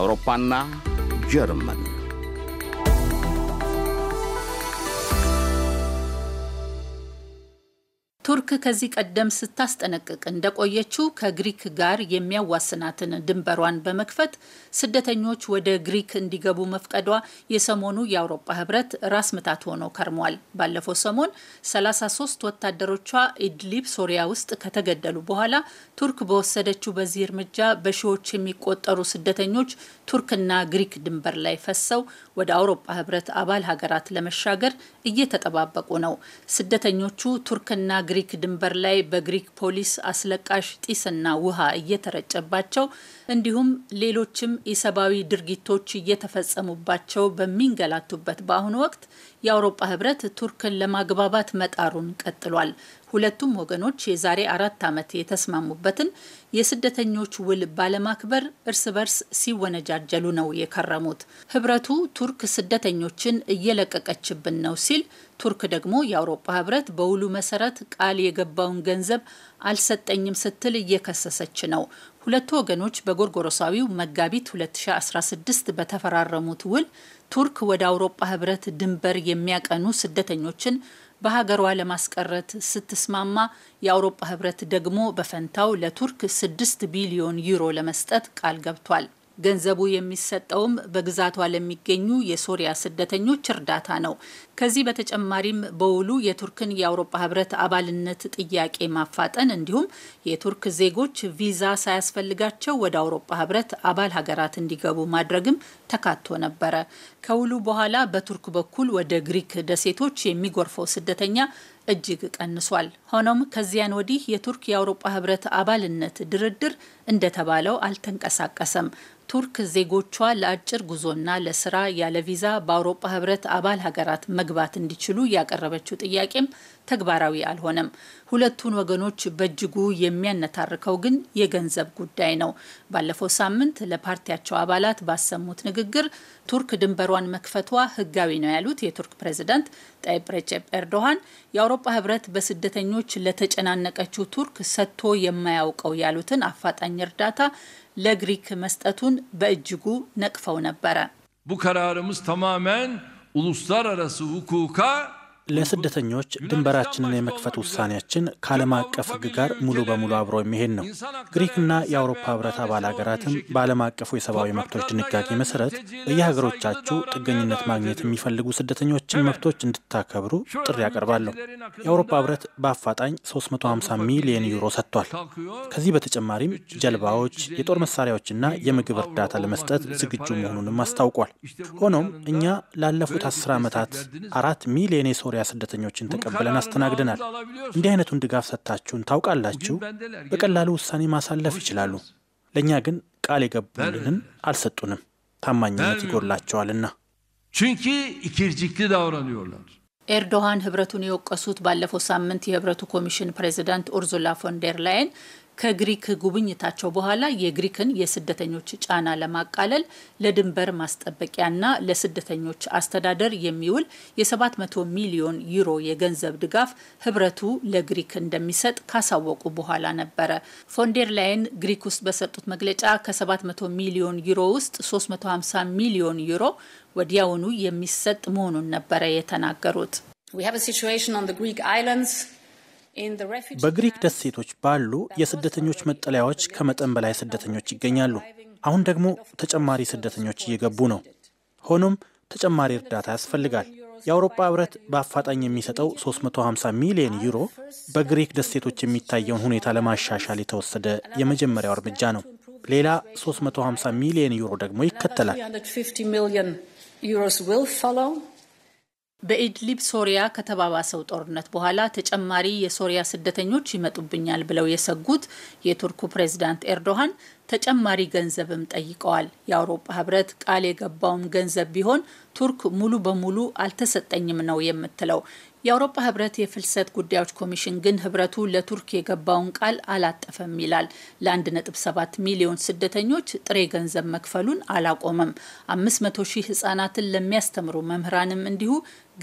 አውሮፓና ጀርመን ቱርክ ከዚህ ቀደም ስታስጠነቅቅ እንደቆየችው ከግሪክ ጋር የሚያዋስናትን ድንበሯን በመክፈት ስደተኞች ወደ ግሪክ እንዲገቡ መፍቀዷ የሰሞኑ የአውሮፓ ሕብረት ራስ ምታት ሆኖ ከርሟል። ባለፈው ሰሞን 33 ወታደሮቿ ኢድሊብ ሶሪያ ውስጥ ከተገደሉ በኋላ ቱርክ በወሰደችው በዚህ እርምጃ በሺዎች የሚቆጠሩ ስደተኞች ቱርክና ግሪክ ድንበር ላይ ፈሰው ወደ አውሮፓ ሕብረት አባል ሀገራት ለመሻገር እየተጠባበቁ ነው። ስደተኞቹ ቱርክና ግሪክ በግሪክ ድንበር ላይ በግሪክ ፖሊስ አስለቃሽ ጢስና ውሃ እየተረጨባቸው እንዲሁም ሌሎችም ኢሰብአዊ ድርጊቶች እየተፈጸሙባቸው በሚንገላቱበት በአሁኑ ወቅት የአውሮፓ ህብረት ቱርክን ለማግባባት መጣሩን ቀጥሏል። ሁለቱም ወገኖች የዛሬ አራት ዓመት የተስማሙበትን የስደተኞች ውል ባለማክበር እርስ በርስ ሲወነጃጀሉ ነው የከረሙት። ህብረቱ ቱርክ ስደተኞችን እየለቀቀችብን ነው ሲል፣ ቱርክ ደግሞ የአውሮፓ ህብረት በውሉ መሰረት ቃል የገባውን ገንዘብ አልሰጠኝም ስትል እየከሰሰች ነው። ሁለቱ ወገኖች በጎርጎሮሳዊው መጋቢት 2016 በተፈራረሙት ውል ቱርክ ወደ አውሮፓ ህብረት ድንበር የሚያቀኑ ስደተኞችን በሀገሯ ለማስቀረት ስትስማማ የአውሮፓ ህብረት ደግሞ በፈንታው ለቱርክ ስድስት ቢሊዮን ዩሮ ለመስጠት ቃል ገብቷል። ገንዘቡ የሚሰጠውም በግዛቷ ለሚገኙ የሶሪያ ስደተኞች እርዳታ ነው። ከዚህ በተጨማሪም በውሉ የቱርክን የአውሮፓ ህብረት አባልነት ጥያቄ ማፋጠን እንዲሁም የቱርክ ዜጎች ቪዛ ሳያስፈልጋቸው ወደ አውሮፓ ህብረት አባል ሀገራት እንዲገቡ ማድረግም ተካቶ ነበረ። ከውሉ በኋላ በቱርክ በኩል ወደ ግሪክ ደሴቶች የሚጎርፈው ስደተኛ እጅግ ቀንሷል። ሆኖም ከዚያን ወዲህ የቱርክ የአውሮፓ ህብረት አባልነት ድርድር እንደተባለው አልተንቀሳቀሰም። ቱርክ ዜጎቿ ለአጭር ጉዞና ለስራ ያለ ቪዛ በአውሮፓ ህብረት አባል ሀገራት መግባት እንዲችሉ ያቀረበችው ጥያቄም ተግባራዊ አልሆነም። ሁለቱን ወገኖች በእጅጉ የሚያነታርከው ግን የገንዘብ ጉዳይ ነው። ባለፈው ሳምንት ለፓርቲያቸው አባላት ባሰሙት ንግግር ቱርክ ድንበሯን መክፈቷ ህጋዊ ነው ያሉት የቱርክ ፕሬዝዳንት ጠይብ ረጀብ ኤርዶሃን የአውሮፓ ህብረት በስደተኞች ለተጨናነቀችው ቱርክ ሰጥቶ የማያውቀው ያሉትን አፋጣኝ እርዳታ ለግሪክ መስጠቱን በእጅጉ ነቅፈው ነበረ። ቡ ከራርምዝ ተማመን ኡሉስላርአረስ ሁኩካ ለስደተኞች ድንበራችንን የመክፈት ውሳኔያችን ከዓለም አቀፍ ሕግ ጋር ሙሉ በሙሉ አብሮ የሚሄድ ነው። ግሪክና የአውሮፓ ሕብረት አባል ሀገራትም በዓለም አቀፉ የሰብአዊ መብቶች ድንጋጌ መሰረት በየሀገሮቻችሁ ጥገኝነት ማግኘት የሚፈልጉ ስደተኞችን መብቶች እንድታከብሩ ጥሪ ያቀርባለሁ። የአውሮፓ ሕብረት በአፋጣኝ 350 ሚሊዮን ዩሮ ሰጥቷል። ከዚህ በተጨማሪም ጀልባዎች፣ የጦር መሳሪያዎችና የምግብ እርዳታ ለመስጠት ዝግጁ መሆኑንም አስታውቋል። ሆኖም እኛ ላለፉት አስር ዓመታት አራት ሚሊየን የሶሪያ የሶሪያ ስደተኞችን ተቀብለን አስተናግደናል። እንዲህ አይነቱን ድጋፍ ሰጥታችሁን ታውቃላችሁ? በቀላሉ ውሳኔ ማሳለፍ ይችላሉ። ለእኛ ግን ቃል የገቡልንን አልሰጡንም፣ ታማኝነት ይጎላቸዋልና ቹንኪ ኢኪርጂክሊ ዳውራኒዮርላር። ኤርዶሃን ህብረቱን የወቀሱት ባለፈው ሳምንት የህብረቱ ኮሚሽን ፕሬዚዳንት ኡርዙላ ፎንደር ላይን ከግሪክ ጉብኝታቸው በኋላ የግሪክን የስደተኞች ጫና ለማቃለል ለድንበር ማስጠበቂያና ለስደተኞች አስተዳደር የሚውል የ700 ሚሊዮን ዩሮ የገንዘብ ድጋፍ ህብረቱ ለግሪክ እንደሚሰጥ ካሳወቁ በኋላ ነበረ። ፎንዴር ላይን ግሪክ ውስጥ በሰጡት መግለጫ ከ700 ሚሊዮን ዩሮ ውስጥ 350 ሚሊዮን ዩሮ ወዲያውኑ የሚሰጥ መሆኑን ነበረ የተናገሩት። በግሪክ ደሴቶች ባሉ የስደተኞች መጠለያዎች ከመጠን በላይ ስደተኞች ይገኛሉ። አሁን ደግሞ ተጨማሪ ስደተኞች እየገቡ ነው። ሆኖም ተጨማሪ እርዳታ ያስፈልጋል። የአውሮፓ ህብረት በአፋጣኝ የሚሰጠው 350 ሚሊዮን ዩሮ በግሪክ ደሴቶች የሚታየውን ሁኔታ ለማሻሻል የተወሰደ የመጀመሪያው እርምጃ ነው። ሌላ 350 ሚሊዮን ዩሮ ደግሞ ይከተላል። በኢድሊብ ሶሪያ ከተባባሰው ጦርነት በኋላ ተጨማሪ የሶሪያ ስደተኞች ይመጡብኛል ብለው የሰጉት የቱርኩ ፕሬዝዳንት ኤርዶሃን ተጨማሪ ገንዘብም ጠይቀዋል። የአውሮፓ ህብረት ቃል የገባውም ገንዘብ ቢሆን ቱርክ ሙሉ በሙሉ አልተሰጠኝም ነው የምትለው። የአውሮፓ ህብረት የፍልሰት ጉዳዮች ኮሚሽን ግን ህብረቱ ለቱርክ የገባውን ቃል አላጠፈም ይላል። ለ1.7 ሚሊዮን ስደተኞች ጥሬ ገንዘብ መክፈሉን አላቆመም። 500 ሺህ ህጻናትን ለሚያስተምሩ መምህራንም እንዲሁ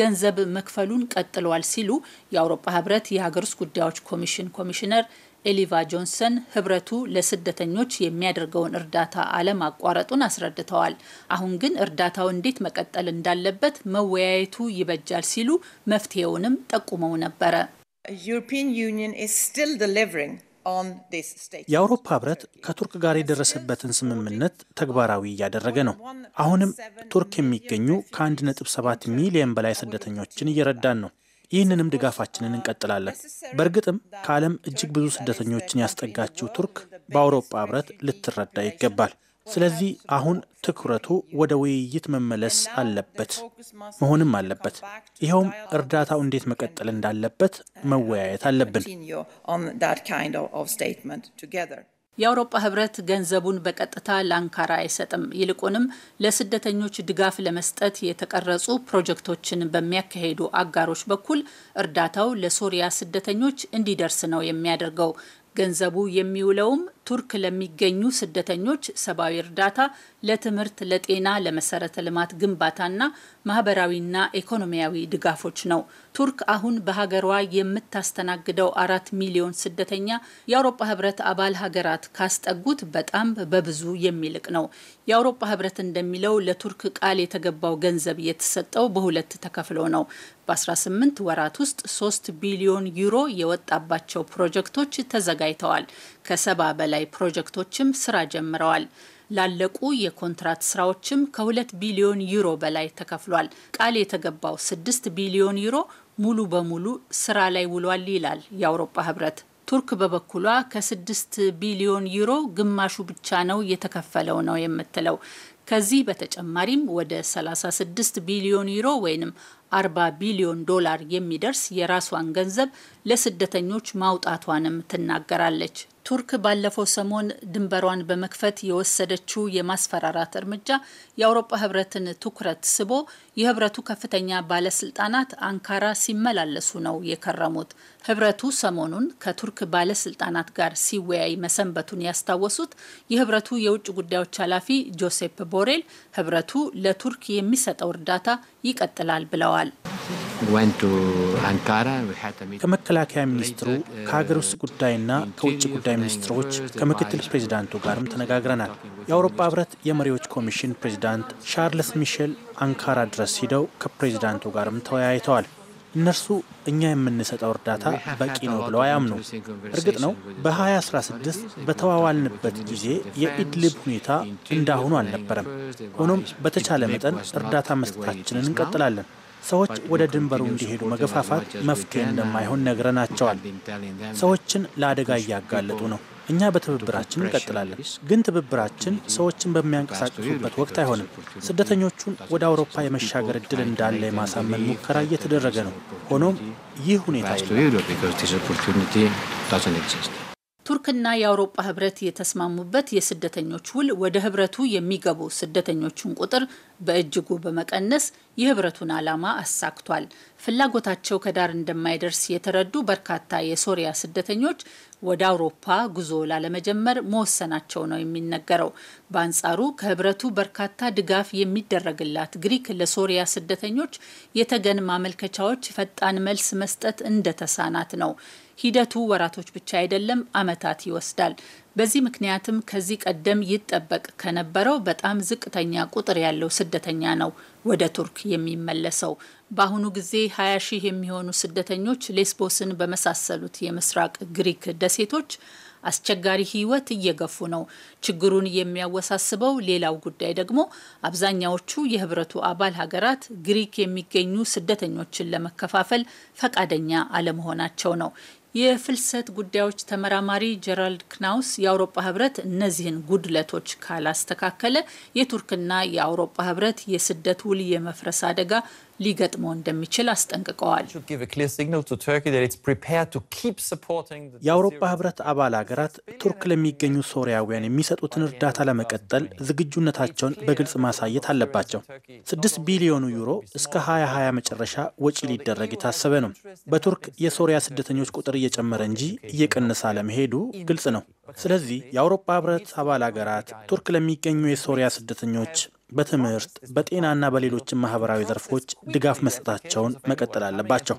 ገንዘብ መክፈሉን ቀጥሏል ሲሉ የአውሮፓ ህብረት የሀገር ውስጥ ጉዳዮች ኮሚሽን ኮሚሽነር ኤሊቫ ጆንሰን ህብረቱ ለስደተኞች የሚያደርገውን እርዳታ አለማቋረጡን አስረድተዋል። አሁን ግን እርዳታው እንዴት መቀጠል እንዳለበት መወያየቱ ይበጃል ሲሉ መፍትሄውንም ጠቁመው ነበረ። የአውሮፓ ህብረት ከቱርክ ጋር የደረሰበትን ስምምነት ተግባራዊ እያደረገ ነው። አሁንም ቱርክ የሚገኙ ከ1.7 ሚሊዮን በላይ ስደተኞችን እየረዳን ነው። ይህንንም ድጋፋችንን እንቀጥላለን። በእርግጥም ከዓለም እጅግ ብዙ ስደተኞችን ያስጠጋችው ቱርክ በአውሮፓ ህብረት ልትረዳ ይገባል። ስለዚህ አሁን ትኩረቱ ወደ ውይይት መመለስ አለበት መሆንም አለበት። ይኸውም እርዳታው እንዴት መቀጠል እንዳለበት መወያየት አለብን። የአውሮፓ ህብረት ገንዘቡን በቀጥታ ለአንካራ አይሰጥም። ይልቁንም ለስደተኞች ድጋፍ ለመስጠት የተቀረጹ ፕሮጀክቶችን በሚያካሂዱ አጋሮች በኩል እርዳታው ለሶሪያ ስደተኞች እንዲደርስ ነው የሚያደርገው። ገንዘቡ የሚውለውም ቱርክ ለሚገኙ ስደተኞች ሰብአዊ እርዳታ ለትምህርት፣ ለጤና፣ ለመሰረተ ልማት ግንባታና ማህበራዊና ኢኮኖሚያዊ ድጋፎች ነው። ቱርክ አሁን በሀገሯ የምታስተናግደው አራት ሚሊዮን ስደተኛ የአውሮፓ ህብረት አባል ሀገራት ካስጠጉት በጣም በብዙ የሚልቅ ነው። የአውሮፓ ህብረት እንደሚለው ለቱርክ ቃል የተገባው ገንዘብ የተሰጠው በሁለት ተከፍሎ ነው። በ18 ወራት ውስጥ 3 ቢሊዮን ዩሮ የወጣባቸው ፕሮጀክቶች ተዘጋጅተዋል። ከሰባ በላይ ፕሮጀክቶችም ስራ ጀምረዋል። ላለቁ የኮንትራት ስራዎችም ከሁለት ቢሊዮን ዩሮ በላይ ተከፍሏል። ቃል የተገባው ስድስት ቢሊዮን ዩሮ ሙሉ በሙሉ ስራ ላይ ውሏል ይላል የአውሮፓ ህብረት። ቱርክ በበኩሏ ከስድስት ቢሊዮን ዩሮ ግማሹ ብቻ ነው የተከፈለው ነው የምትለው። ከዚህ በተጨማሪም ወደ 36 ቢሊዮን ዩሮ ወይም 40 ቢሊዮን ዶላር የሚደርስ የራሷን ገንዘብ ለስደተኞች ማውጣቷንም ትናገራለች። ቱርክ ባለፈው ሰሞን ድንበሯን በመክፈት የወሰደችው የማስፈራራት እርምጃ የአውሮፓ ህብረትን ትኩረት ስቦ የህብረቱ ከፍተኛ ባለስልጣናት አንካራ ሲመላለሱ ነው የከረሙት። ህብረቱ ሰሞኑን ከቱርክ ባለስልጣናት ጋር ሲወያይ መሰንበቱን ያስታወሱት የህብረቱ የውጭ ጉዳዮች ኃላፊ ጆሴፕ ቦሬል ህብረቱ ለቱርክ የሚሰጠው እርዳታ ይቀጥላል ብለዋል። ተናግረዋል። ከመከላከያ ሚኒስትሩ ከሀገር ውስጥ ጉዳይና ከውጭ ጉዳይ ሚኒስትሮች ከምክትል ፕሬዚዳንቱ ጋርም ተነጋግረናል። የአውሮፓ ህብረት የመሪዎች ኮሚሽን ፕሬዚዳንት ቻርልስ ሚሼል አንካራ ድረስ ሂደው ከፕሬዚዳንቱ ጋርም ተወያይተዋል። እነርሱ እኛ የምንሰጠው እርዳታ በቂ ነው ብለው አያምኑ እርግጥ ነው በ2016 በተዋዋልንበት ጊዜ የኢድሊብ ሁኔታ እንዳሁኑ አልነበረም። ሆኖም በተቻለ መጠን እርዳታ መስጠታችንን እንቀጥላለን። ሰዎች ወደ ድንበሩ እንዲሄዱ መገፋፋት መፍትሄ እንደማይሆን ነግረናቸዋል። ሰዎችን ለአደጋ እያጋለጡ ነው። እኛ በትብብራችን እንቀጥላለን፣ ግን ትብብራችን ሰዎችን በሚያንቀሳቅሱበት ወቅት አይሆንም። ስደተኞቹን ወደ አውሮፓ የመሻገር እድል እንዳለ የማሳመን ሙከራ እየተደረገ ነው። ሆኖም ይህ ሁኔታ ቱርክና የአውሮፓ ህብረት የተስማሙበት የስደተኞች ውል ወደ ህብረቱ የሚገቡ ስደተኞችን ቁጥር በእጅጉ በመቀነስ የህብረቱን ዓላማ አሳክቷል። ፍላጎታቸው ከዳር እንደማይደርስ የተረዱ በርካታ የሶሪያ ስደተኞች ወደ አውሮፓ ጉዞ ላለመጀመር መወሰናቸው ነው የሚነገረው። በአንጻሩ ከህብረቱ በርካታ ድጋፍ የሚደረግላት ግሪክ ለሶሪያ ስደተኞች የተገን ማመልከቻዎች ፈጣን መልስ መስጠት እንደተሳናት ነው ሂደቱ ወራቶች ብቻ አይደለም፣ አመታት ይወስዳል። በዚህ ምክንያትም ከዚህ ቀደም ይጠበቅ ከነበረው በጣም ዝቅተኛ ቁጥር ያለው ስደተኛ ነው ወደ ቱርክ የሚመለሰው። በአሁኑ ጊዜ 20 ሺህ የሚሆኑ ስደተኞች ሌስቦስን በመሳሰሉት የምስራቅ ግሪክ ደሴቶች አስቸጋሪ ህይወት እየገፉ ነው። ችግሩን የሚያወሳስበው ሌላው ጉዳይ ደግሞ አብዛኛዎቹ የህብረቱ አባል ሀገራት ግሪክ የሚገኙ ስደተኞችን ለመከፋፈል ፈቃደኛ አለመሆናቸው ነው። የፍልሰት ጉዳዮች ተመራማሪ ጀራልድ ክናውስ የአውሮፓ ህብረት እነዚህን ጉድለቶች ካላስተካከለ የቱርክና የአውሮፓ ህብረት የስደት ውል የመፍረስ አደጋ ሊገጥመው እንደሚችል አስጠንቅቀዋል። የአውሮፓ ህብረት አባል ሀገራት ቱርክ ለሚገኙ ሶሪያውያን የሚሰጡትን እርዳታ ለመቀጠል ዝግጁነታቸውን በግልጽ ማሳየት አለባቸው። ስድስት ቢሊዮኑ ዩሮ እስከ 2020 መጨረሻ ወጪ ሊደረግ የታሰበ ነው። በቱርክ የሶሪያ ስደተኞች ቁጥር እየጨመረ እንጂ እየቀነሰ አለመሄዱ ግልጽ ነው። ስለዚህ የአውሮፓ ህብረት አባል ሀገራት ቱርክ ለሚገኙ የሶሪያ ስደተኞች በትምህርት በጤናና በሌሎችም ማህበራዊ ዘርፎች ድጋፍ መስጠታቸውን መቀጠል አለባቸው።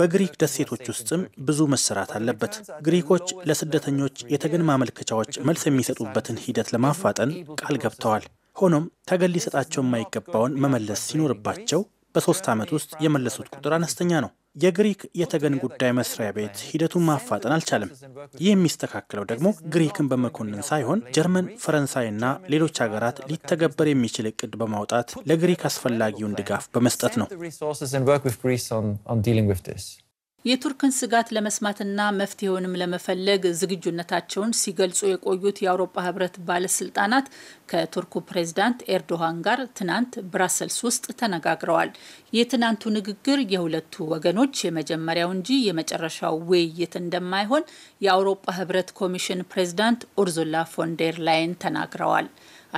በግሪክ ደሴቶች ውስጥም ብዙ መሰራት አለበት። ግሪኮች ለስደተኞች የተገን ማመልከቻዎች መልስ የሚሰጡበትን ሂደት ለማፋጠን ቃል ገብተዋል። ሆኖም ተገን ሊሰጣቸው የማይገባውን መመለስ ሲኖርባቸው በሶስት ዓመት ውስጥ የመለሱት ቁጥር አነስተኛ ነው። የግሪክ የተገን ጉዳይ መስሪያ ቤት ሂደቱን ማፋጠን አልቻለም። ይህ የሚስተካከለው ደግሞ ግሪክን በመኮንን ሳይሆን ጀርመን፣ ፈረንሳይና ሌሎች ሀገራት ሊተገበር የሚችል እቅድ በማውጣት ለግሪክ አስፈላጊውን ድጋፍ በመስጠት ነው። የቱርክን ስጋት ለመስማትና መፍትሄውንም ለመፈለግ ዝግጁነታቸውን ሲገልጹ የቆዩት የአውሮፓ ህብረት ባለስልጣናት ከቱርኩ ፕሬዝዳንት ኤርዶሃን ጋር ትናንት ብራሰልስ ውስጥ ተነጋግረዋል። የትናንቱ ንግግር የሁለቱ ወገኖች የመጀመሪያው እንጂ የመጨረሻው ውይይት እንደማይሆን የአውሮፓ ህብረት ኮሚሽን ፕሬዝዳንት ኡርዙላ ፎንዴር ላይን ተናግረዋል።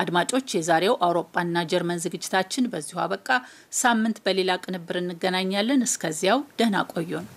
አድማጮች፣ የዛሬው አውሮፓና ጀርመን ዝግጅታችን በዚሁ አበቃ። ሳምንት በሌላ ቅንብር እንገናኛለን። እስከዚያው ደህና ቆዩን።